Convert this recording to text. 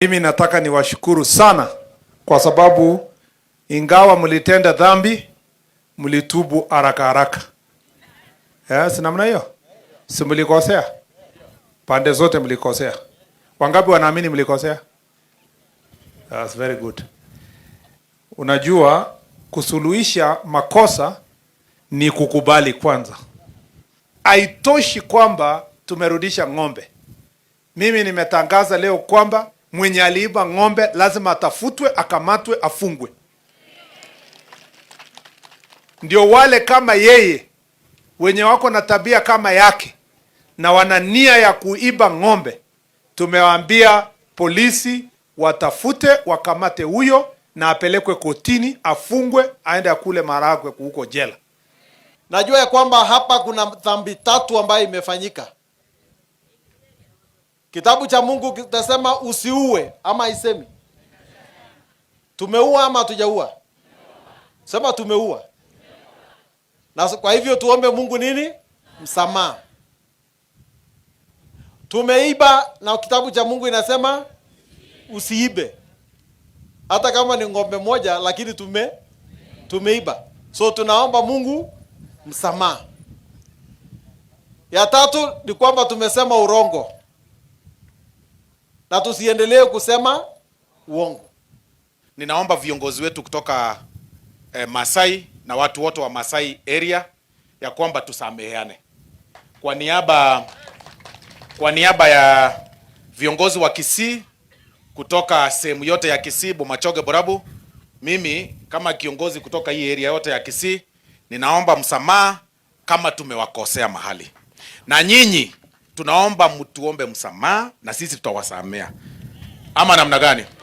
Mimi nataka niwashukuru sana kwa sababu ingawa mlitenda dhambi mlitubu haraka haraka, eh, si namna hiyo? Si mlikosea pande zote, mlikosea. Wangapi wanaamini mlikosea? That's very good. Unajua, kusuluhisha makosa ni kukubali kwanza. Haitoshi kwamba tumerudisha ng'ombe. Mimi nimetangaza leo kwamba mwenye aliiba ng'ombe lazima atafutwe, akamatwe, afungwe. Ndio wale kama yeye wenye wako na tabia kama yake na wana nia ya kuiba ng'ombe, tumewaambia polisi watafute, wakamate huyo na apelekwe kotini, afungwe, aende akule maragwe huko jela. Najua ya kwamba hapa kuna dhambi tatu ambayo imefanyika. Kitabu cha Mungu kitasema usiue ama isemi Tumeua ama hatujaua? Sema tumeua. Na kwa hivyo tuombe Mungu nini? Msamaha. Tumeiba na kitabu cha Mungu inasema usiibe. Hata kama ni ng'ombe moja lakini tume tumeiba. So tunaomba Mungu msamaha. Ya tatu ni kwamba tumesema urongo na tusiendelee kusema uongo. Ninaomba viongozi wetu kutoka eh, Masai na watu wote wa Masai area ya kwamba tusameheane kwa niaba kwa niaba ya viongozi wa Kisii kutoka sehemu yote ya Kisii, Bomachoge, Borabu. Mimi kama kiongozi kutoka hii area yote ya Kisii ninaomba msamaha kama tumewakosea mahali, na nyinyi tunaomba mtuombe msamaha na sisi tutawasamea, ama namna gani?